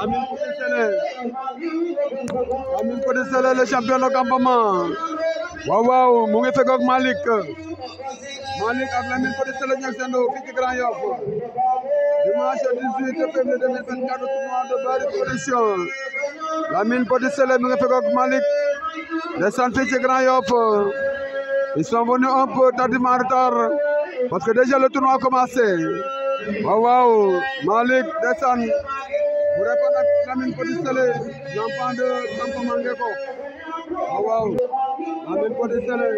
Amin Codé le champion de campement Waouh waouh, mu Malik. Malik, Malik, Malick pour Lamine Codé Sélé Grand yop. dimanche 18 février 2024 tournoi de bari production Lamine Codé Sélé mu ngi fekkoog Malik. les sant fii Grand yop. ils sont venus un peu tardivement en retard parce que déjà le tournoi a commencé waaw waaw Malick ndeysaan mu répond ak Lamine Petit Sélé l'enfant de Samba Mangeko waaw waaw Lamine Petit Sélé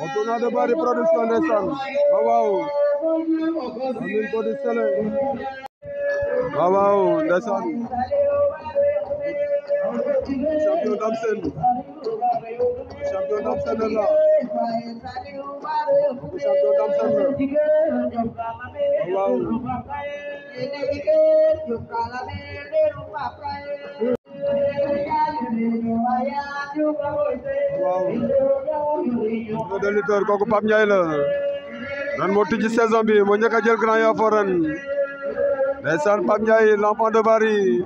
Autona de Bari production ndeysaan waaw waaw Lamine Petit Sélé waaw waaw Champion d'Amsen. Champion d'Amsen est là. Champion d'Amsen. Waouh. waaw de lutteur kooku Pape Ndiaye Wow. ren moo tijji saison bi moo njëkk a jël Grand Yoff ren ndeysaan Pape Ndiaye l'enfant de Bari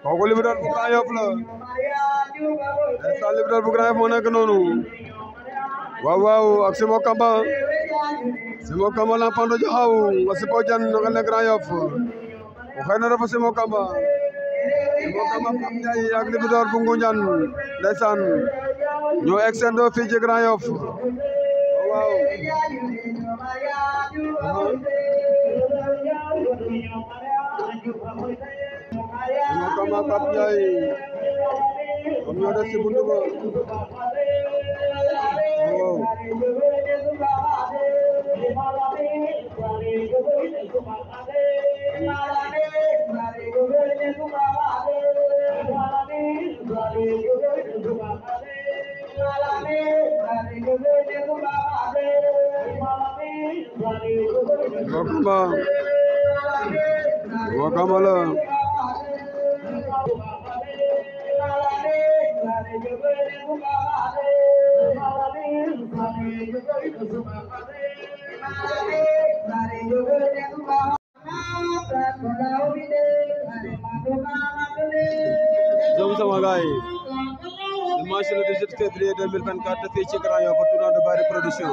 kooku Libidor bu Grand Yoff la ndeysaan Libidor bu Grand Yoff moo noonu waaw ak Simo Kamba Simo Kamba la Pando Jaxaw nga Sipo Grand Yoff waxee na dafa Kamba Simo Kamba Pam ak Libidor bu Ngunjaan ndeysaan ñoo exendo fii ci Grand Yoff Wakamala, wakamala, wakamala, Dimension du 18 février 2024 fii ci Grand Yoff tournoi de Bari production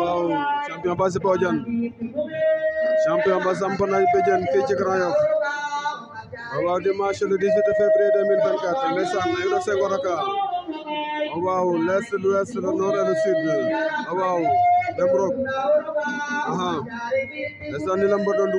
waaw champion ba sih Badiane champion ba samp na Badiane fii ci Grand Yoff waaw dimanche le 18 février 2024 ndeysaan ay la seeg waraka waaw l'est l'ouest le nord et le sud waaw aha ndeysaan ni la mba doon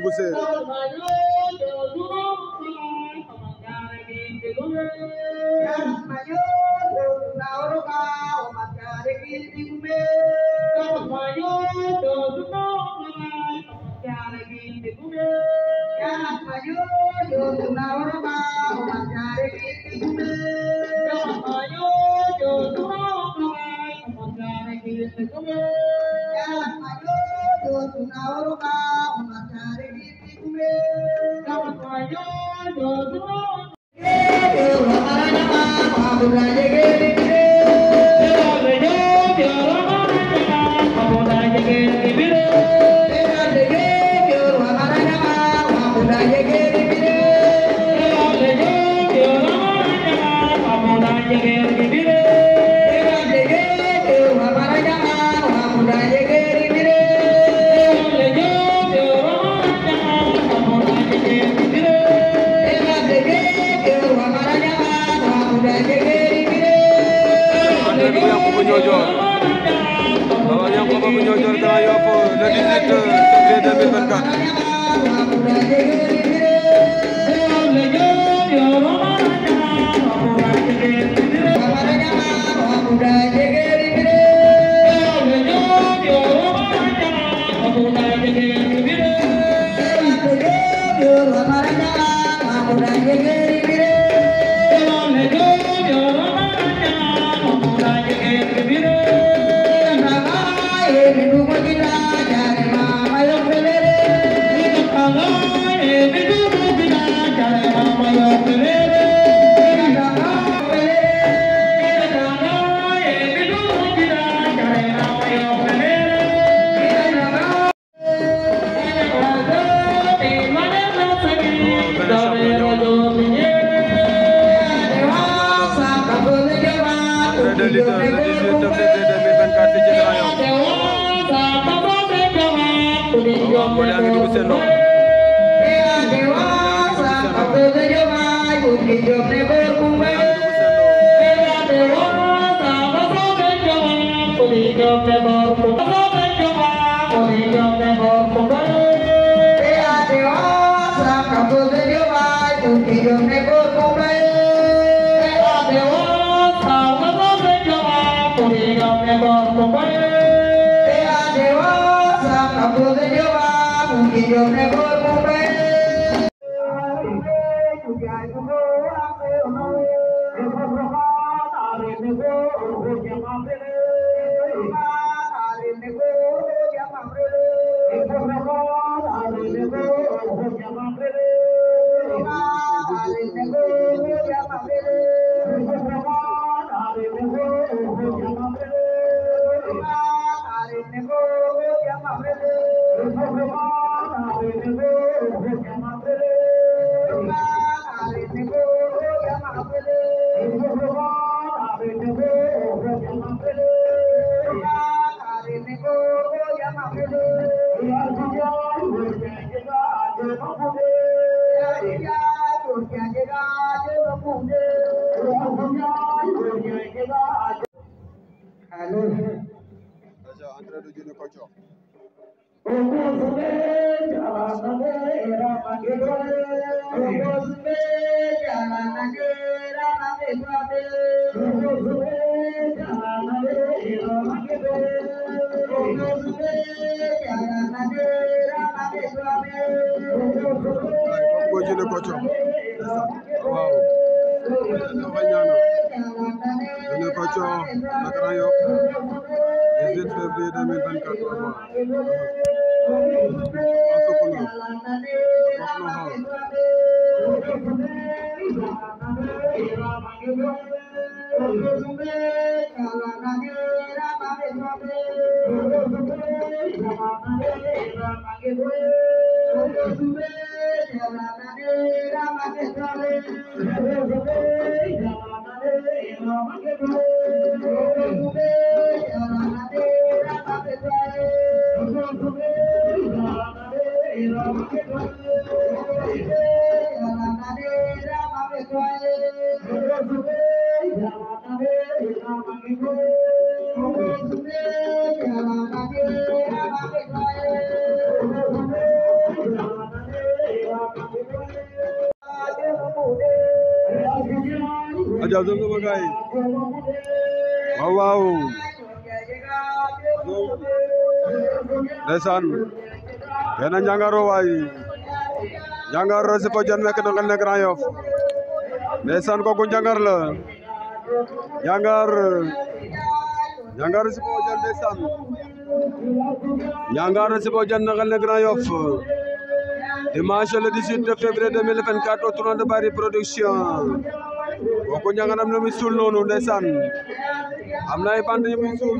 Yeah. Diofior Baol Yankoba bu Diofior Grand Yoff de lutte le 18 février 2024 fii ci Grand Yoff. Modou yaa ngi dugg seen loxo. Modou yaa ngi dugg seen loxo. Hello. That's your 100 Junior Culture. ওগোসবে জালানগে রামাগে গোলে ওগোসবে জালানগে রামাগে গোলে ওগোসবে জালানগে রামাগে গোলে ওগোসবে জালানগে রামাগে গোলে ওগোসবে জালানগে রামাগে গোলে ওগোসবে House. Thank you. Ajab tuh tuh wow wow, desan. yena njangaro waay njangaro sipo jon meke ɗo ngel ne Grand Yoff ndeysaan kooku njangar la njangar njangar sipo jon ndeysaan njangar sipo jon na ngel ne Grand Yoff dimanche le 18 février 2024 au tournoi de Bari production kooku njangaram ne mi suul noonu ndeysaan am na ay band yu suul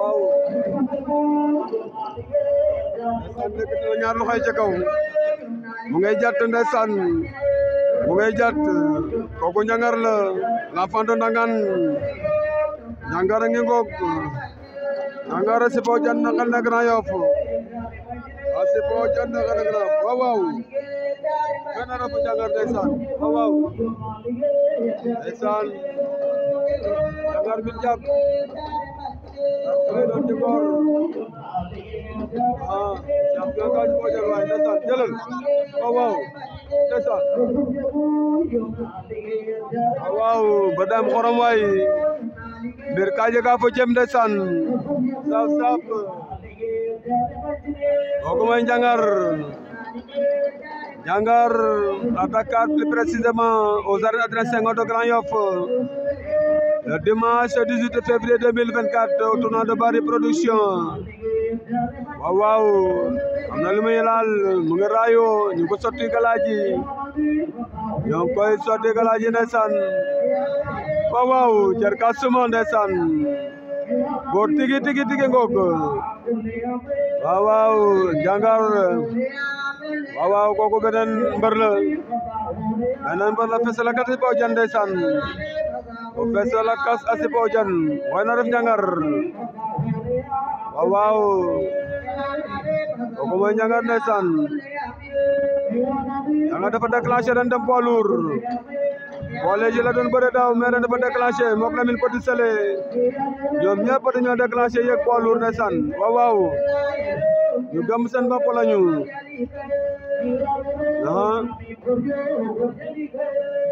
waaw yëkkati na ñaar loxoy ca kaw mu ngay jàtt ndeysaan mu ngay jàtt kooku ñangar la l'enfant de Ndangane ñangar a ngi ngoog ñangar a sipoo jan na xel na Grand Yoff a sipoo jan na xel na Grand dor ah champion ka ko jël waay ndeysaan jëlal waaw ah, waaw ndeysaan ah, waaw waaw badam xorom waay mbir ka jega fo jem ndeysaan saaf saaf kooku mooy njangar njangar attaquant plus précisément aux arènes Adrien Senghor de Grand Le dimanche 18 février 2024 au tournoi de Bari Production waaw waaw am na lu muy laal mu ngi raayoo ñu ko sotti galaaji ñoo ngi koy sotti galaaji ndeysaan waaw waaw jar ka suma ndeysaan góor tigi tigi tigi ngoog waaw waaw jàngar waaw waaw kooku beneen mbër Profesor Lakas Asipojan, Ojan Wain Nyangar Wow wow Koko Wain Nyangar Nesan Nyangar daripada kelasnya dan dempolur Boleh je ladun beredau Merah daripada kelasnya Mokna mil padu sele Jomnya pada nyada kelasnya Yek ya, polur Nesan Wow wow Juga mesan bapolanyu Nah